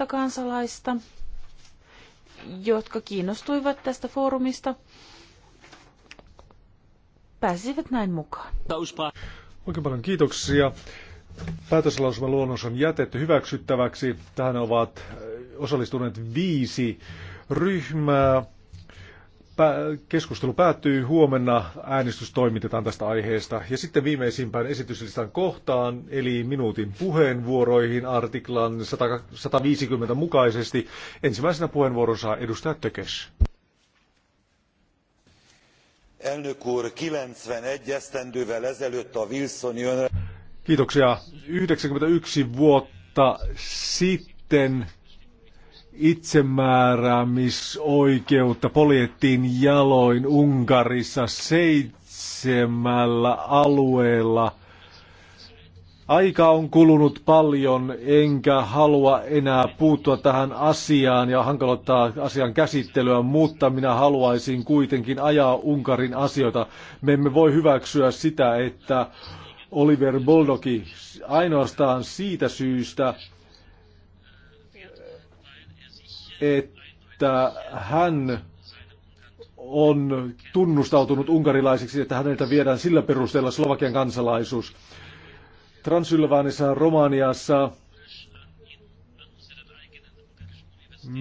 000 kansalaista, jotka kiinnostuivat tästä foorumista, pääsivät näin mukaan. Oikein paljon kiitoksia. Päätöslausuman luonnos on jätetty hyväksyttäväksi. Tähän ovat äh, osallistuneet viisi ryhmää keskustelu päättyy huomenna. Äänestys toimitetaan tästä aiheesta. Ja sitten viimeisimpään esityslistan kohtaan, eli minuutin puheenvuoroihin artiklan 150 mukaisesti. Ensimmäisenä puheenvuoron saa edustaja Tökes. Elnök úr, 91 esztendővel ezelőtt a Wilsoni Kiitoksia. 91 vuotta sitten itsemääräämisoikeutta poljettiin jaloin Unkarissa seitsemällä alueella. Aika on kulunut paljon, enkä halua enää puuttua tähän asiaan ja hankaloittaa asian käsittelyä, mutta minä haluaisin kuitenkin ajaa Unkarin asioita. Me emme voi hyväksyä sitä, että Oliver Boldoki ainoastaan siitä syystä, että hän on tunnustautunut unkarilaiseksi, että häneltä viedään sillä perusteella Slovakian kansalaisuus. Transylvaanissa, Romaniassa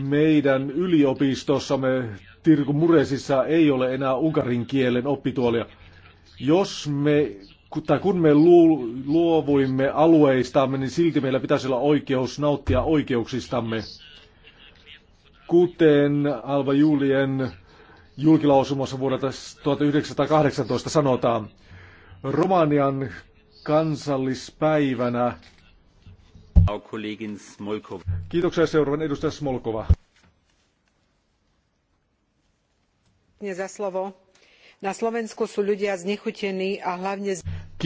meidän yliopistossamme Tirku Muresissa ei ole enää unkarin kielen oppituolia. Jos me, tai kun me luovuimme alueistamme, niin silti meillä pitäisi olla oikeus nauttia oikeuksistamme. Kuten Alva Julien julkilausumassa vuodelta 1918 sanotaan, Romanian kansallispäivänä. Kiitoksia seuraavan edustaja Smolkova.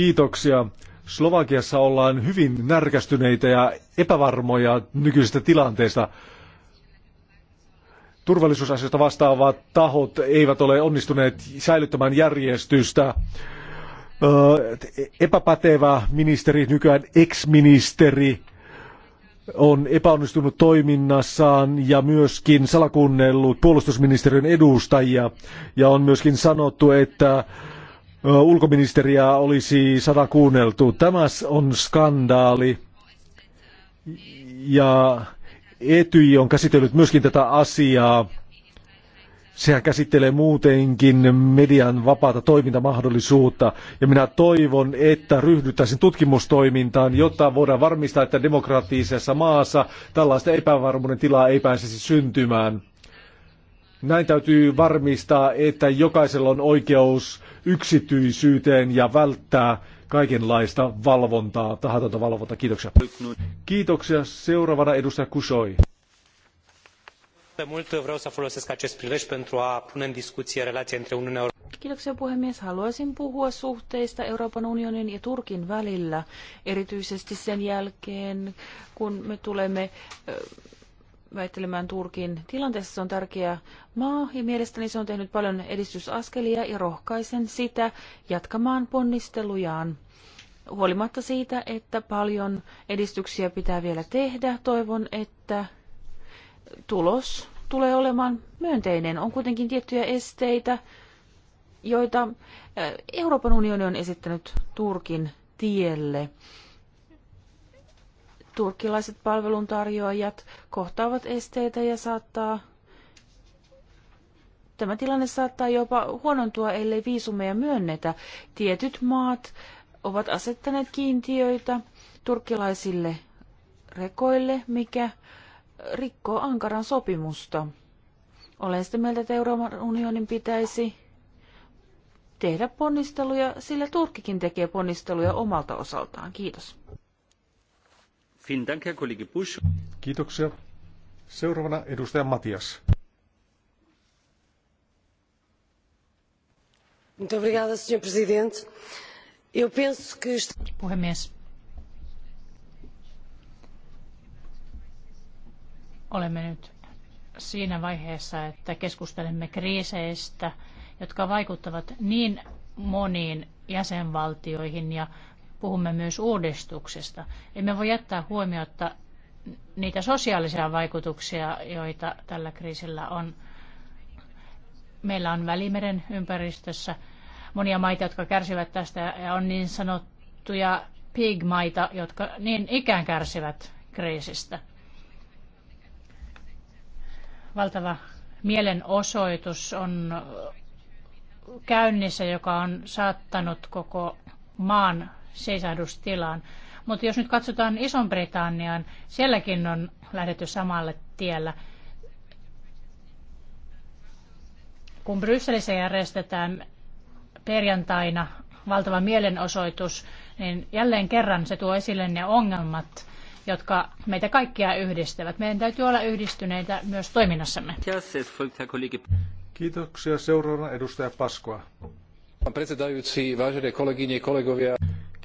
Kiitoksia. Slovakiassa ollaan hyvin närkästyneitä ja epävarmoja nykyisestä tilanteesta turvallisuusasioista vastaavat tahot eivät ole onnistuneet säilyttämään järjestystä. Epäpätevä ministeri, nykyään ex-ministeri, on epäonnistunut toiminnassaan ja myöskin salakuunnellut puolustusministeriön edustajia. Ja on myöskin sanottu, että ulkoministeriä olisi salakuunneltu. Tämä on skandaali. Ja Etyj on käsitellyt myöskin tätä asiaa. Sehän käsittelee muutenkin median vapaata toimintamahdollisuutta. Ja minä toivon, että ryhdyttäisiin tutkimustoimintaan, jotta voidaan varmistaa, että demokraattisessa maassa tällaista epävarmuuden tilaa ei pääsisi syntymään. Näin täytyy varmistaa, että jokaisella on oikeus yksityisyyteen ja välttää kaikenlaista valvontaa, tahatonta valvontaa. Kiitoksia. Kiitoksia. Seuraavana edustaja Kusoi. Kiitoksia puhemies. Haluaisin puhua suhteista Euroopan unionin ja Turkin välillä, erityisesti sen jälkeen, kun me tulemme väittelemään Turkin tilanteessa. Se on tärkeä maa ja mielestäni se on tehnyt paljon edistysaskelia ja rohkaisen sitä jatkamaan ponnistelujaan. Huolimatta siitä, että paljon edistyksiä pitää vielä tehdä, toivon, että tulos tulee olemaan myönteinen. On kuitenkin tiettyjä esteitä, joita Euroopan unioni on esittänyt Turkin tielle turkkilaiset palveluntarjoajat kohtaavat esteitä ja saattaa Tämä tilanne saattaa jopa huonontua, ellei viisumeja myönnetä. Tietyt maat ovat asettaneet kiintiöitä turkkilaisille rekoille, mikä rikkoo Ankaran sopimusta. Olen sitä mieltä, että Euroopan unionin pitäisi tehdä ponnisteluja, sillä Turkkikin tekee ponnisteluja omalta osaltaan. Kiitos. Kiitoksia. Seuraavana edustaja Matias. Puhemies. Olemme nyt siinä vaiheessa, että keskustelemme kriiseistä, jotka vaikuttavat niin moniin jäsenvaltioihin ja puhumme myös uudistuksesta. Emme voi jättää huomiota niitä sosiaalisia vaikutuksia, joita tällä kriisillä on. Meillä on Välimeren ympäristössä monia maita, jotka kärsivät tästä ja on niin sanottuja pig-maita, jotka niin ikään kärsivät kriisistä. Valtava mielenosoitus on käynnissä, joka on saattanut koko maan seisahdustilaan. Mutta jos nyt katsotaan iso britanniaan sielläkin on lähdetty samalle tiellä. Kun Brysselissä järjestetään perjantaina valtava mielenosoitus, niin jälleen kerran se tuo esille ne ongelmat, jotka meitä kaikkia yhdistävät. Meidän täytyy olla yhdistyneitä myös toiminnassamme. Kiitoksia. Seuraavana edustaja Paskoa. Predsedajúci, vážené kolegyne, kolegovia.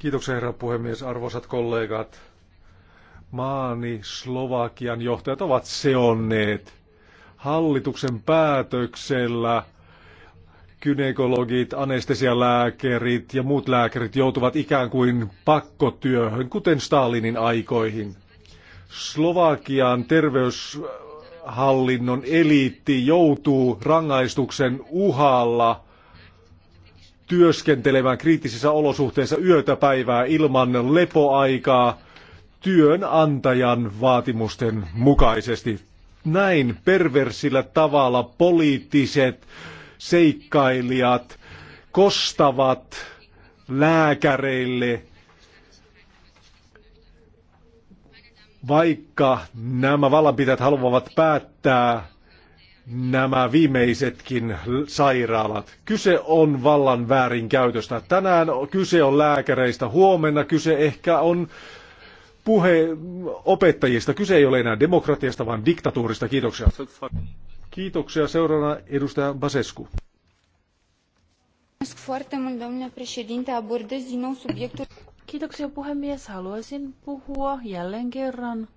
Kiitoksia herra puhemies, arvoisat kollegat. Maani Slovakian johtajat ovat seonneet hallituksen päätöksellä gynekologit, anestesialääkärit ja muut lääkärit joutuvat ikään kuin pakkotyöhön, kuten Stalinin aikoihin. Slovakian terveyshallinnon eliitti joutuu rangaistuksen uhalla työskentelemään kriittisissä olosuhteissa yötä päivää ilman lepoaikaa työnantajan vaatimusten mukaisesti. Näin perversillä tavalla poliittiset seikkailijat kostavat lääkäreille, vaikka nämä vallanpitäjät haluavat päättää nämä viimeisetkin sairaalat. Kyse on vallan väärinkäytöstä. Tänään kyse on lääkäreistä, huomenna kyse ehkä on puhe opettajista. Kyse ei ole enää demokratiasta, vaan diktatuurista. Kiitoksia. Kiitoksia. Seuraavana edustaja Basescu. Kiitoksia puhemies. Haluaisin puhua jälleen kerran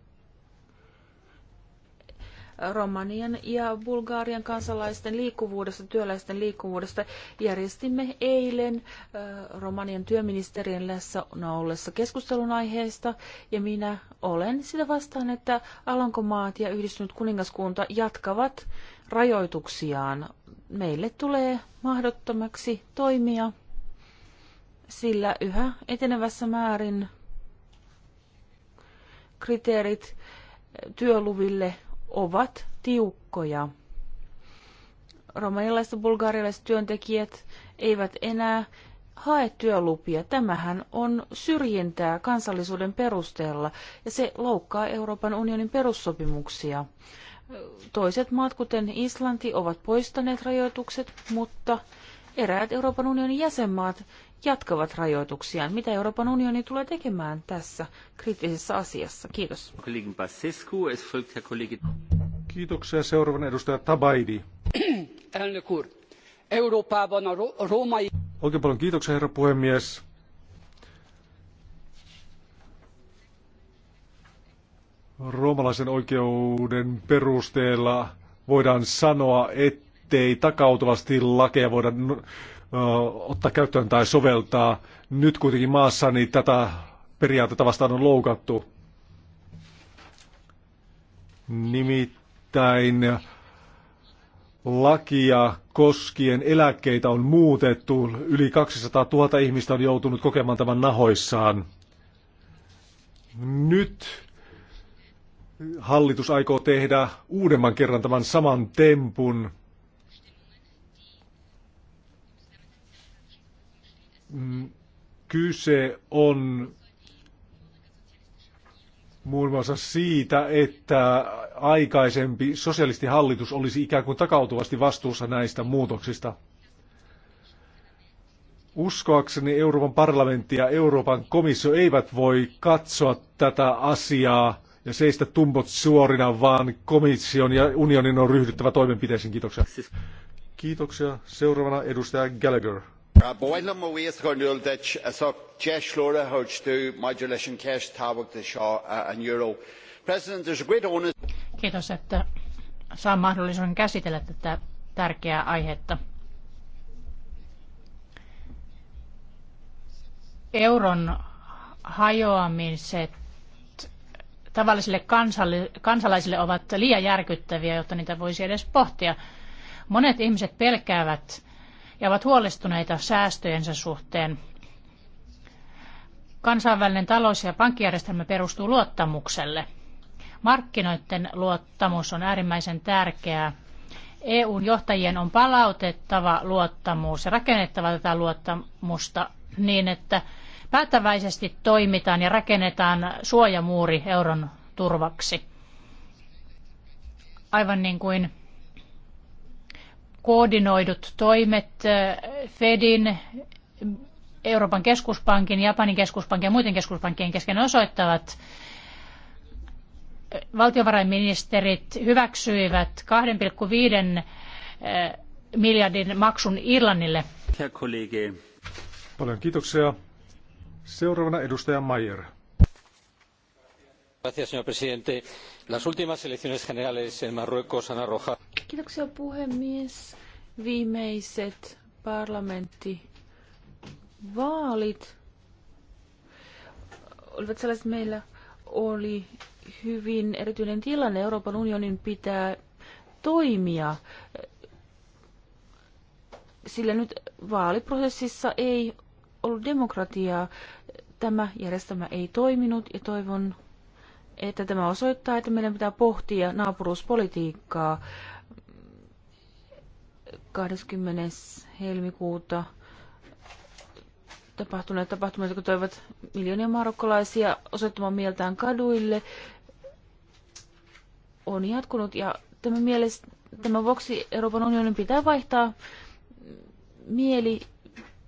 Romanian ja Bulgarian kansalaisten liikkuvuudesta, työläisten liikkuvuudesta. Järjestimme eilen Romanian työministerien läsnä ollessa keskustelun aiheesta ja minä olen sitä vastaan, että Alankomaat ja yhdistynyt kuningaskunta jatkavat rajoituksiaan. Meille tulee mahdottomaksi toimia, sillä yhä etenevässä määrin kriteerit työluville ovat tiukkoja. Romanilaiset ja bulgarialaiset työntekijät eivät enää hae työlupia. Tämähän on syrjintää kansallisuuden perusteella ja se loukkaa Euroopan unionin perussopimuksia. Toiset maat, kuten Islanti, ovat poistaneet rajoitukset, mutta eräät Euroopan unionin jäsenmaat jatkavat rajoituksiaan. Mitä Euroopan unioni tulee tekemään tässä kriittisessä asiassa? Kiitos. Kiitoksia. Seuraavan edustaja Tabaidi. Oikein paljon kiitoksia, herra puhemies. Roomalaisen oikeuden perusteella voidaan sanoa, ettei takautuvasti lakeja voida ottaa käyttöön tai soveltaa. Nyt kuitenkin maassa niin tätä periaatetta vastaan on loukattu. Nimittäin lakia koskien eläkkeitä on muutettu. Yli 200 000 ihmistä on joutunut kokemaan tämän nahoissaan. Nyt hallitus aikoo tehdä uudemman kerran tämän saman tempun Mm, kyse on muun muassa siitä, että aikaisempi sosialistihallitus olisi ikään kuin takautuvasti vastuussa näistä muutoksista. Uskoakseni Euroopan parlamentti ja Euroopan komissio eivät voi katsoa tätä asiaa ja seistä tumpot suorina, vaan komission ja unionin on ryhdyttävä toimenpiteisiin. Kiitoksia. Kiitoksia. Seuraavana edustaja Gallagher gur seo an euro. President, there's a great onus... Kiitos, että saan mahdollisuuden käsitellä tätä tärkeää aihetta. Euron hajoamiset tavallisille kansalaisille ovat liian järkyttäviä, jotta niitä voisi edes pohtia. Monet ihmiset pelkäävät ja ovat huolestuneita säästöjensä suhteen. Kansainvälinen talous- ja pankkijärjestelmä perustuu luottamukselle. Markkinoiden luottamus on äärimmäisen tärkeää. EUn johtajien on palautettava luottamus ja rakennettava tätä luottamusta niin, että päättäväisesti toimitaan ja rakennetaan suojamuuri euron turvaksi. Aivan niin kuin koordinoidut toimet eh, Fedin, Euroopan keskuspankin, Japanin keskuspankin ja muiden keskuspankkien kesken osoittavat, valtiovarainministerit hyväksyivät 2,5 eh, miljardin maksun Irlannille. Paljon kiitoksia. Seuraavana edustaja Mayer señor presidente las últimas elecciones generales en marruecos han arrojado. puhemies. Viimeiset parlamenttivaalit olivat sellaiset, meillä oli hyvin erityinen tilanne. Euroopan unionin pitää toimia, sillä nyt vaaliprosessissa ei ollut demokratiaa. Tämä järjestelmä ei toiminut ja toivon että tämä osoittaa, että meidän pitää pohtia naapuruuspolitiikkaa 20. helmikuuta tapahtuneet tapahtumat, jotka toivat miljoonia marokkolaisia osoittamaan mieltään kaduille, on jatkunut ja tämän, mielestä, tämän vuoksi Euroopan unionin pitää vaihtaa mieli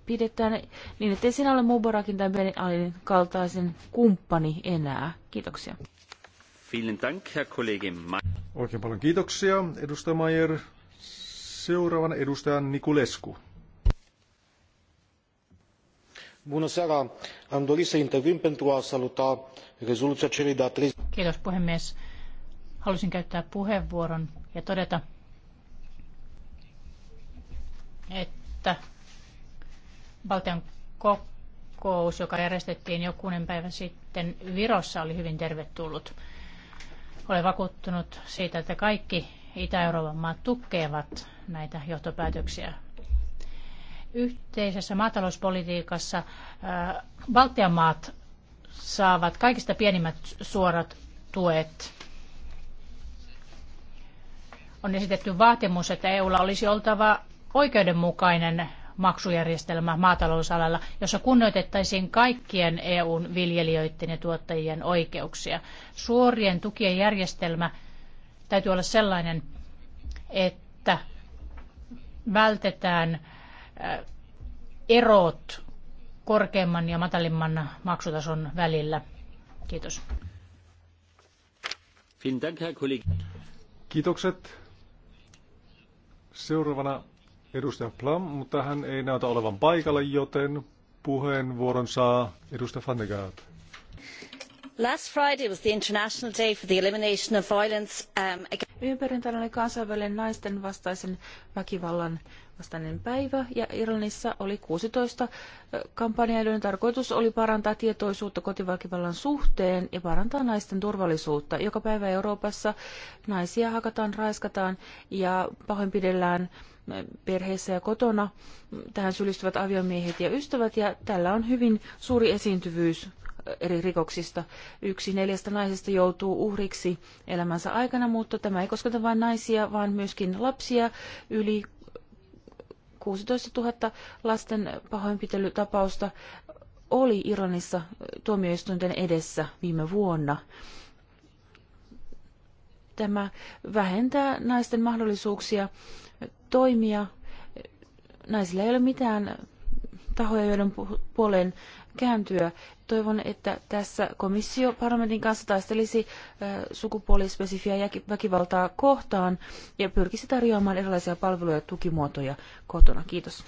pidetään niin, ettei sinä ole Mubarakin tai Benin Alin kaltaisen kumppani enää. Kiitoksia. Oikein paljon kiitoksia, edustaja Mayer. Seuraavan edustajan Nikulescu. Bună seara! Am dorit să intervin pentru a saluta rezoluția celei de-a Kiitos puhemies. Halusin käyttää puheenvuoron ja todeta, että Baltian kokous, joka järjestettiin jokunen päivä sitten Virossa, oli hyvin tervetullut. Olen vakuuttunut siitä, että kaikki Itä-Euroopan maat tukevat näitä johtopäätöksiä. Yhteisessä maatalouspolitiikassa äh, Baltian maat saavat kaikista pienimmät suorat tuet. On esitetty vaatimus, että EUlla olisi oltava oikeudenmukainen maksujärjestelmä maatalousalalla, jossa kunnioitettaisiin kaikkien EUn viljelijöiden ja tuottajien oikeuksia. Suorien tukien järjestelmä täytyy olla sellainen, että vältetään äh, erot korkeimman ja matalimman maksutason välillä. Kiitos. Kiitokset. Seuraavana edustaja Plum, mutta hän ei näytä olevan paikalla, joten puheenvuoron saa edustaja Fandegaard. Last Friday was the International Day for the Elimination of Violence um, against ympärin tällainen kansainvälinen naisten vastaisen väkivallan vastainen päivä ja Irlannissa oli 16 kampanjaa, joiden tarkoitus oli parantaa tietoisuutta kotiväkivallan suhteen ja parantaa naisten turvallisuutta. Joka päivä Euroopassa naisia hakataan, raiskataan ja pahoinpidellään perheissä ja kotona. Tähän syyllistyvät aviomiehet ja ystävät ja tällä on hyvin suuri esiintyvyys eri rikoksista. Yksi neljästä naisesta joutuu uhriksi elämänsä aikana, mutta tämä ei kosketa vain naisia, vaan myöskin lapsia. Yli 16 000 lasten pahoinpitelytapausta oli Iranissa tuomioistuinten edessä viime vuonna. Tämä vähentää naisten mahdollisuuksia toimia. Naisilla ei ole mitään tahoja, joiden puoleen kääntyä. Toivon, että tässä komissio parlamentin kanssa taistelisi sukupuolispesifiä väkivaltaa kohtaan ja pyrkisi tarjoamaan erilaisia palveluja ja tukimuotoja kotona. Kiitos.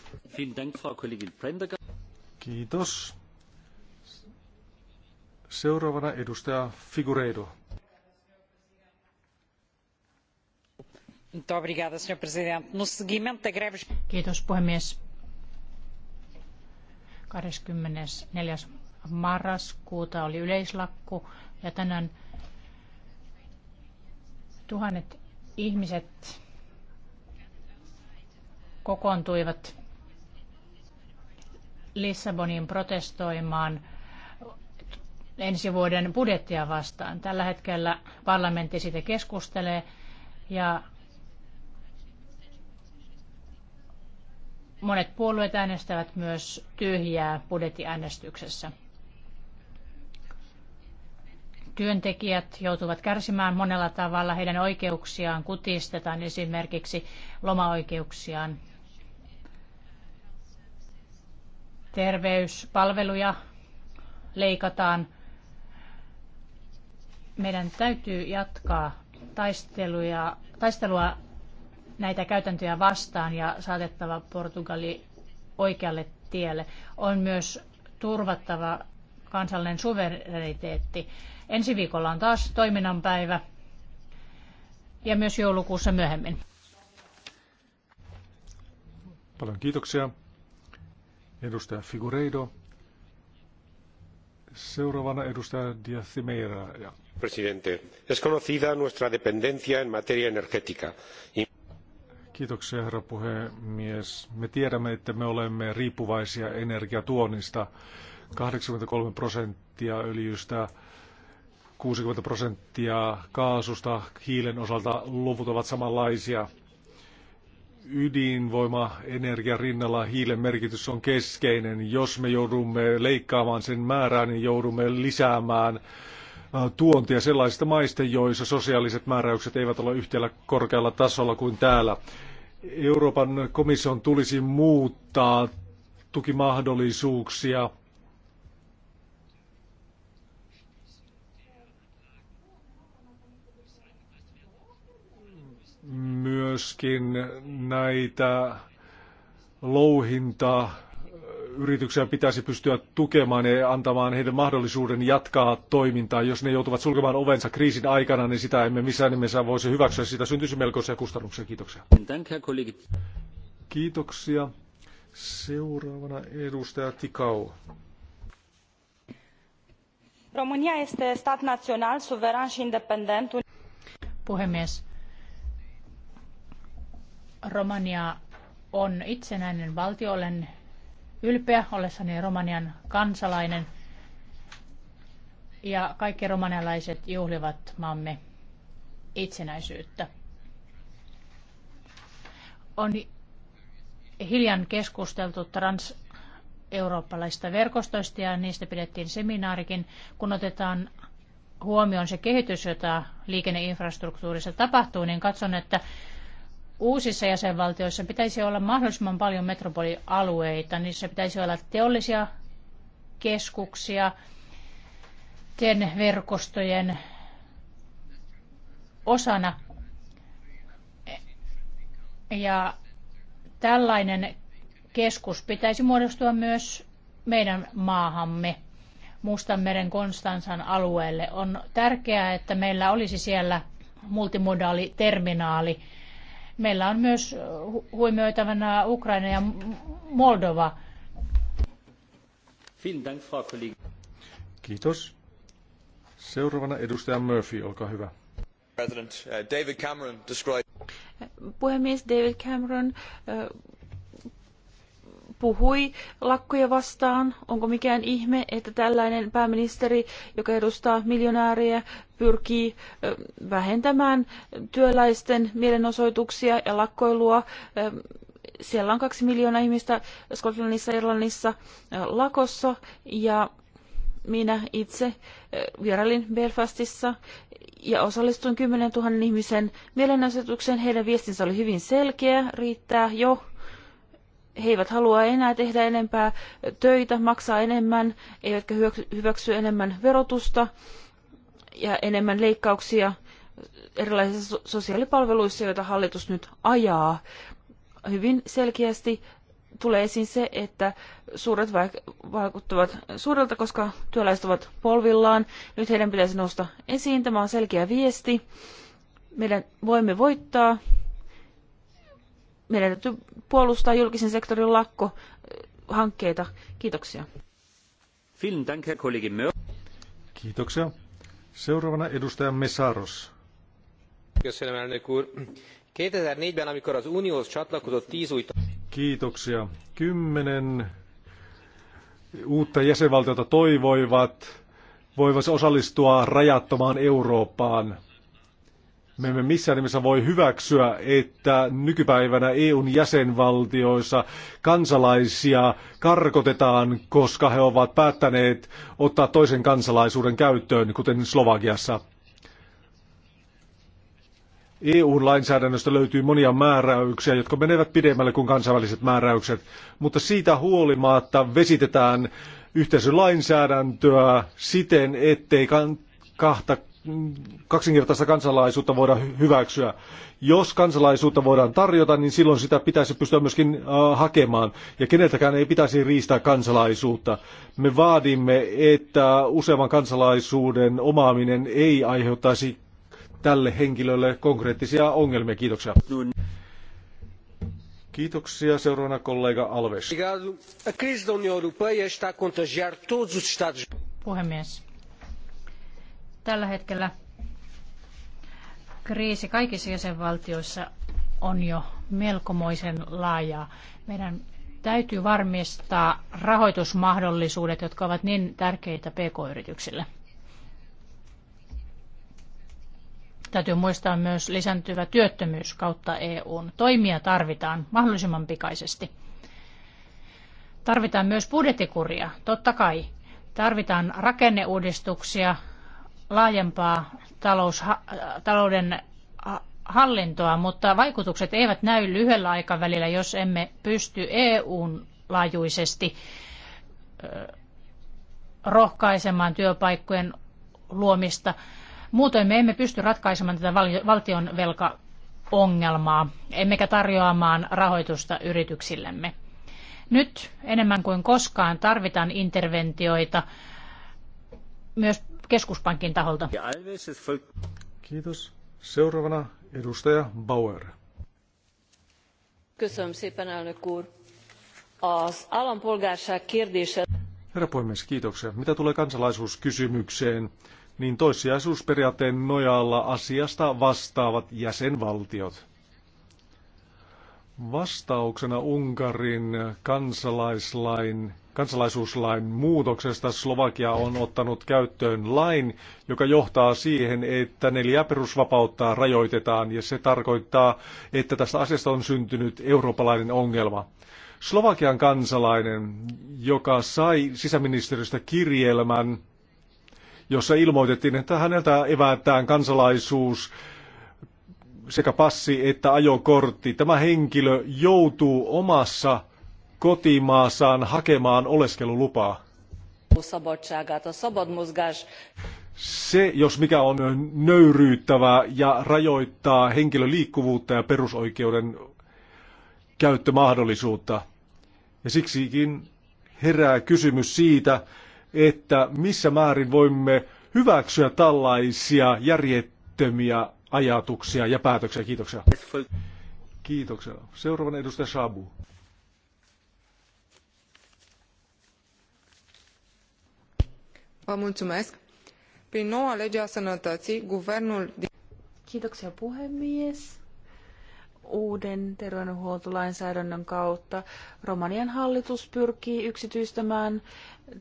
Kiitos. Seuraavana edustaja Figureido. No Kiitos puhemies 24. marraskuuta oli yleislakku ja tänään tuhannet ihmiset kokoontuivat Lissabonin protestoimaan ensi vuoden budjettia vastaan. Tällä hetkellä parlamentti siitä keskustelee ja Monet puolueet äänestävät myös tyhjää budjettiäänestyksessä. Työntekijät joutuvat kärsimään monella tavalla. Heidän oikeuksiaan kutistetaan esimerkiksi lomaoikeuksiaan. Terveyspalveluja leikataan. Meidän täytyy jatkaa taisteluja, taistelua näitä käytäntöjä vastaan ja saatettava Portugali oikealle tielle. On myös turvattava kansallinen suvereniteetti. Ensi viikolla on taas toiminnan päivä ja myös joulukuussa myöhemmin. Paljon kiitoksia. Edustaja Figureido. Seuraavana edustaja Díaz Presidente, es conocida nuestra dependencia en materia energética. Y... Kiitoksia, herra puhemies. Me tiedämme, että me olemme riippuvaisia energiatuonnista. 83 prosenttia öljystä, 60 prosenttia kaasusta, hiilen osalta luvut ovat samanlaisia. Ydinvoima energian rinnalla hiilen merkitys on keskeinen. Jos me joudumme leikkaamaan sen määrää, niin joudumme lisäämään tuontia sellaisista maista, joissa sosiaaliset määräykset eivät ole yhtä korkealla tasolla kuin täällä. Euroopan komission tulisi muuttaa tukimahdollisuuksia – myöskin näitä louhintaa yrityksiä pitäisi pystyä tukemaan ja antamaan heidän mahdollisuuden jatkaa toimintaa. Jos ne joutuvat sulkemaan ovensa kriisin aikana, niin sitä emme missään nimessä voisi hyväksyä. Sitä syntyisi melkoisia kustannuksia. Kiitoksia. Kiitoksia. Seuraavana edustaja Tikau. România este stat național, suveran și independent. Puhemies. Romania on itsenäinen valtio, olen ylpeä ollessani Romanian kansalainen. Ja kaikki romanialaiset juhlivat maamme itsenäisyyttä. On hiljan keskusteltu trans eurooppalaisista verkostoista ja niistä pidettiin seminaarikin, kun otetaan huomioon se kehitys, jota liikenneinfrastruktuurissa tapahtuu, niin katson, että uusissa jäsenvaltioissa pitäisi olla mahdollisimman paljon metropolialueita. Niissä pitäisi olla teollisia keskuksia, ten verkostojen osana. Ja tällainen keskus pitäisi muodostua myös meidän maahamme. Mustanmeren Konstansan alueelle. On tärkeää, että meillä olisi siellä multimodaali terminaali Meillä on myös huomioitavana Ukraina ja Moldova. Kiitos. Seuraavana edustaja Murphy, olkaa hyvä. President uh, David Cameron described... Puhemies David Cameron uh, puhui lakkoja vastaan. Onko mikään ihme, että tällainen pääministeri, joka edustaa miljonääriä, pyrkii vähentämään työläisten mielenosoituksia ja lakkoilua? Siellä on kaksi miljoonaa ihmistä Skotlannissa, Irlannissa lakossa ja minä itse vierailin Belfastissa ja osallistuin 10 000 ihmisen mielenosoitukseen. Heidän viestinsä oli hyvin selkeä, riittää jo he eivät halua enää tehdä enempää töitä, maksaa enemmän, eivätkä hyväksy enemmän verotusta ja enemmän leikkauksia erilaisissa sosiaalipalveluissa, joita hallitus nyt ajaa. Hyvin selkeästi tulee esiin se, että suuret vaikuttavat suurelta, koska työläiset ovat polvillaan. Nyt heidän pitäisi nousta esiin. Tämä on selkeä viesti. Meidän voimme voittaa meidän täytyy puolustaa julkisen sektorin lakkohankkeita. Kiitoksia. Kiitoksia. Seuraavana edustaja Mesaros. Köszönöm, elnök úr. 2004-ben, amikor az Unióhoz csatlakozott tíz új... Kiitoksia. Kymmenen uutta jäsenvaltiota toivoivat voivat osallistua rajattomaan Eurooppaan – me emme missään nimessä voi hyväksyä, että nykypäivänä EUn jäsenvaltioissa kansalaisia karkotetaan, koska he ovat päättäneet ottaa toisen kansalaisuuden käyttöön, kuten Slovakiassa. EU-lainsäädännöstä löytyy monia määräyksiä, jotka menevät pidemmälle kuin kansainväliset määräykset, mutta siitä huolimatta vesitetään yhteisölainsäädäntöä siten, ettei kahta kaksinkertaista kansalaisuutta voida hyväksyä. Jos kansalaisuutta voidaan tarjota, niin silloin sitä pitäisi pystyä myöskin hakemaan. Ja keneltäkään ei pitäisi riistää kansalaisuutta. Me vaadimme, että useamman kansalaisuuden omaaminen ei aiheuttaisi tälle henkilölle konkreettisia ongelmia. Kiitoksia. Kiitoksia. Seuraavana kollega Alves. Puhemies Tällä hetkellä kriisi kaikissa jäsenvaltioissa on jo melkomoisen laajaa. Meidän täytyy varmistaa rahoitusmahdollisuudet, jotka ovat niin tärkeitä pk-yrityksille. Täytyy muistaa myös lisääntyvä työttömyys kautta EUn. Toimia tarvitaan mahdollisimman pikaisesti. Tarvitaan myös budjettikuria, totta kai. Tarvitaan rakenneuudistuksia, laajempaa talous, talouden hallintoa, mutta vaikutukset eivät näy lyhyellä aikavälillä, jos emme pysty EUn laajuisesti rohkaisemaan työpaikkojen luomista. Muutoin me emme pysty ratkaisemaan tätä valtion velkaongelmaa, emmekä tarjoamaan rahoitusta yrityksillemme. Nyt enemmän kuin koskaan tarvitaan interventioita myös keskuspankin taholta. Kiitos. Seuraavana edustaja Bauer. Köszönöm szépen, elnök úr. Az állampolgárság kérdése... Herra puhemies, kiitoksia. Mitä tulee kansalaisuuskysymykseen, niin toissijaisuusperiaatteen nojalla asiasta vastaavat jäsenvaltiot. Vastauksena Unkarin kansalaislain kansalaisuuslain muutoksesta Slovakia on ottanut käyttöön lain, joka johtaa siihen, että neljä perusvapautta rajoitetaan ja se tarkoittaa, että tästä asiasta on syntynyt eurooppalainen ongelma. Slovakian kansalainen, joka sai sisäministeriöstä kirjelmän, jossa ilmoitettiin, että häneltä evätään kansalaisuus sekä passi että ajokortti. Tämä henkilö joutuu omassa kotimaassaan hakemaan oleskelulupaa. Se, jos mikä on nöyryyttävää ja rajoittaa henkilön liikkuvuutta ja perusoikeuden käyttömahdollisuutta. Ja siksikin herää kysymys siitä, että missä määrin voimme hyväksyä tällaisia järjettömiä ajatuksia ja päätöksiä. Kiitoksia. Kiitoksia. Seuraavana edustaja Shabu. prin noua lege a sănătății, guvernul din... Kiitoksia puhemies. Uuden terveydenhuoltolainsäädännön kautta Romanian hallitus pyrkii yksityistämään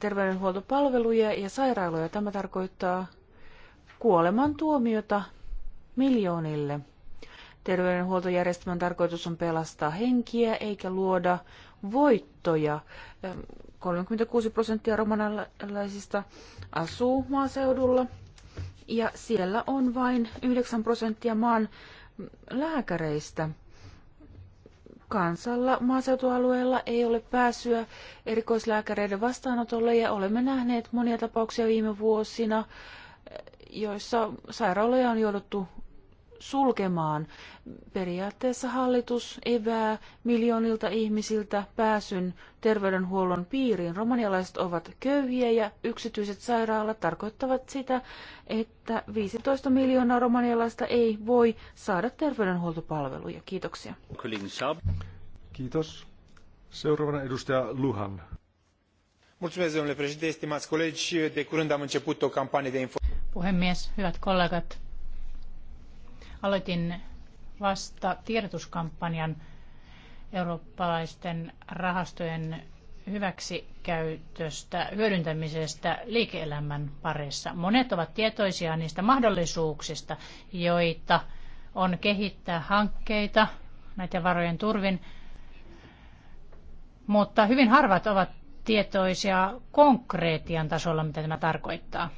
terveydenhuoltopalveluja ja sairaaloja. Tämä tarkoittaa kuolemantuomiota miljoonille. Terveydenhuoltojärjestelmän tarkoitus on pelastaa henkiä eikä luoda voittoja. 36 prosenttia romanalaisista asuu maaseudulla ja siellä on vain 9 prosenttia maan lääkäreistä. Kansalla maaseutualueella ei ole pääsyä erikoislääkäreiden vastaanotolle ja olemme nähneet monia tapauksia viime vuosina, joissa sairaaloja on jouduttu sulkemaan. Periaatteessa hallitus evää miljoonilta ihmisiltä pääsyn terveydenhuollon piiriin. Romanialaiset ovat köyhiä ja yksityiset sairaalat tarkoittavat sitä, että 15 miljoonaa romanialaista ei voi saada terveydenhuoltopalveluja. Kiitoksia. Kiitos. Seuraavana edustaja Luhan. Mulțumesc, domnule președinte, stimați colegi. De curând am început o campanie de informare. Puhemies, hyvät kollegat. Aloitin vasta tiedotuskampanjan eurooppalaisten rahastojen hyväksikäytöstä, hyödyntämisestä liike-elämän parissa. Monet ovat tietoisia niistä mahdollisuuksista, joita on kehittää hankkeita näiden varojen turvin, mutta hyvin harvat ovat tietoisia konkreettian tasolla, mitä tämä tarkoittaa.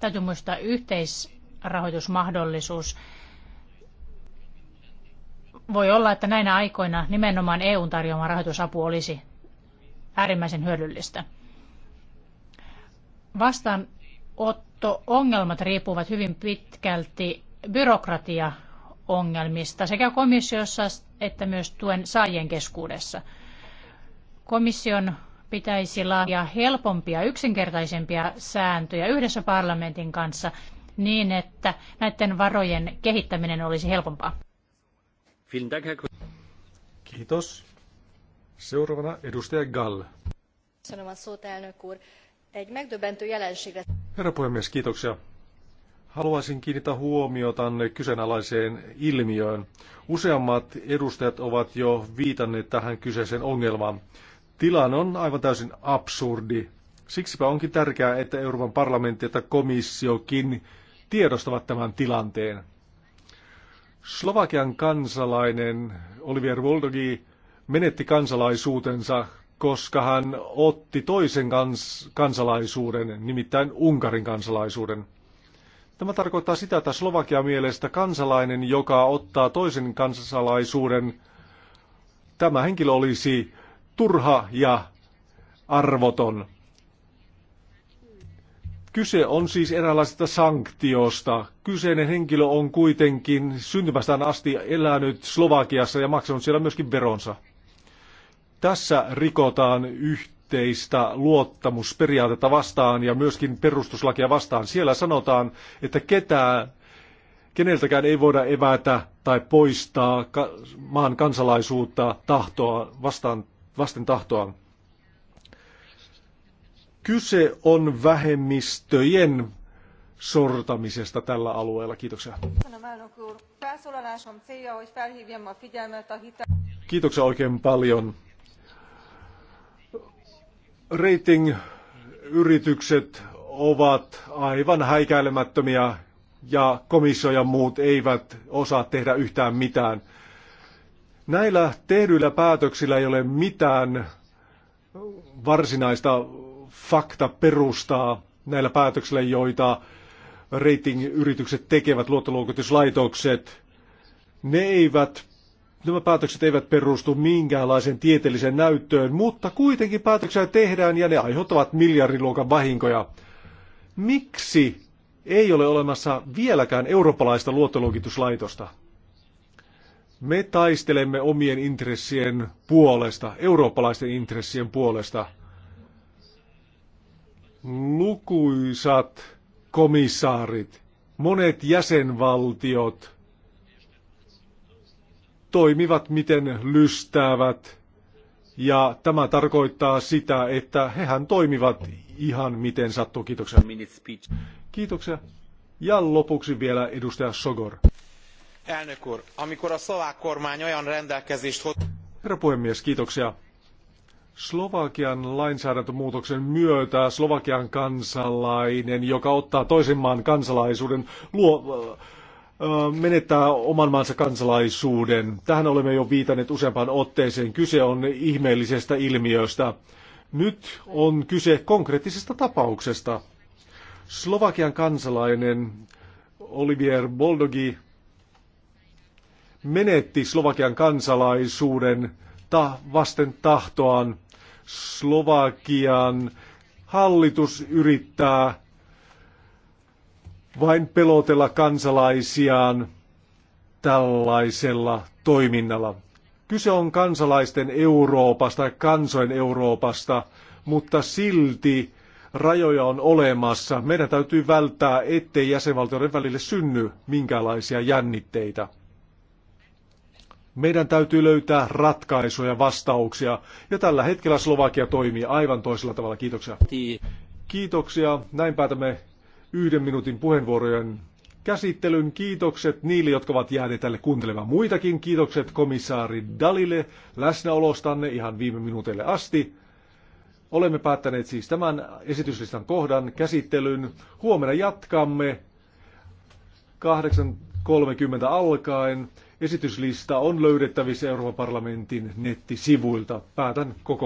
Täytyy muistaa yhteisrahoitusmahdollisuus voi olla, että näinä aikoina nimenomaan EUn tarjoama rahoitusapu olisi äärimmäisen hyödyllistä. Vastaanotto-ongelmat riippuvat hyvin pitkälti byrokratiaongelmista sekä komissiossa että myös tuen saajien keskuudessa. Komission pitäisi laatia helpompia, yksinkertaisempia sääntöjä yhdessä parlamentin kanssa niin, että näiden varojen kehittäminen olisi helpompaa. Kiitos. Seuraavana edustaja Gall. Herra puhemies, kiitoksia. Haluaisin kiinnittää huomiota kyseenalaiseen ilmiöön. Useammat edustajat ovat jo viitanneet tähän kyseiseen ongelmaan. Tilanne on aivan täysin absurdi. Siksipä onkin tärkeää, että Euroopan parlamentti ja komissiokin tiedostavat tämän tilanteen. Slovakian kansalainen Olivier Voldogi menetti kansalaisuutensa, koska hän otti toisen kans- kansalaisuuden, nimittäin Unkarin kansalaisuuden. Tämä tarkoittaa sitä, että Slovakia mielestä kansalainen, joka ottaa toisen kansalaisuuden, tämä henkilö olisi turha ja arvoton. Kyse on siis eräänlaisesta sanktiosta. Kyseinen henkilö on kuitenkin syntymästään asti elänyt Slovakiassa ja maksanut siellä myöskin veronsa. Tässä rikotaan yhteistä luottamusperiaatetta vastaan ja myöskin perustuslakia vastaan. Siellä sanotaan, että ketään, keneltäkään ei voida evätä tai poistaa maan kansalaisuutta tahtoa, vastaan, vasten tahtoaan. Kyse on vähemmistöjen sortamisesta tällä alueella. Kiitoksia. Kiitoksia oikein paljon. Rating-yritykset ovat aivan häikäilemättömiä ja komissio ja muut eivät osaa tehdä yhtään mitään. Näillä tehdyillä päätöksillä ei ole mitään varsinaista fakta perustaa näillä päätöksillä, joita ratingyritykset tekevät, luottoluokituslaitokset. Ne eivät, nämä päätökset eivät perustu minkäänlaiseen tieteelliseen näyttöön, mutta kuitenkin päätöksiä tehdään ja ne aiheuttavat miljardiluokan vahinkoja. Miksi ei ole olemassa vieläkään eurooppalaista luottoluokituslaitosta? Me taistelemme omien intressien puolesta, eurooppalaisten intressien puolesta – lukuisat komissaarit, monet jäsenvaltiot toimivat miten lystäävät. Ja tämä tarkoittaa sitä, että hehän toimivat ihan miten sattuu. Kiitoksia. Kiitoksia. Ja lopuksi vielä edustaja Sogor. Elnök úr, amikor a szlovák kormány olyan rendelkezést... Herra puhemies, kiitoksia. Slovakian lainsäädäntömuutoksen myötä Slovakian kansalainen, joka ottaa toisen maan kansalaisuuden, luo, menettää oman maansa kansalaisuuden. Tähän olemme jo viitanneet useampaan otteeseen. Kyse on ihmeellisestä ilmiöstä. Nyt on kyse konkreettisesta tapauksesta. Slovakian kansalainen Olivier Boldogi menetti Slovakian kansalaisuuden ta- vasten tahtoaan Slovakian hallitus yrittää vain pelotella kansalaisiaan tällaisella toiminnalla. Kyse on kansalaisten Euroopasta, kansojen Euroopasta, mutta silti rajoja on olemassa. Meidän täytyy välttää, ettei jäsenvaltioiden välille synny minkäänlaisia jännitteitä. Meidän täytyy löytää ratkaisuja, vastauksia, ja tällä hetkellä Slovakia toimii aivan toisella tavalla. Kiitoksia. Kiitoksia. Näin päätämme yhden minuutin puheenvuorojen käsittelyn. Kiitokset niille, jotka ovat jääneet tälle kuuntelemaan muitakin. Kiitokset komissaari Dalille läsnäolostanne ihan viime minuuteille asti. Olemme päättäneet siis tämän esityslistan kohdan käsittelyn. Huomenna jatkamme 8.30 alkaen. Esityslista on löydettävissä Euroopan parlamentin nettisivuilta. Päätän koko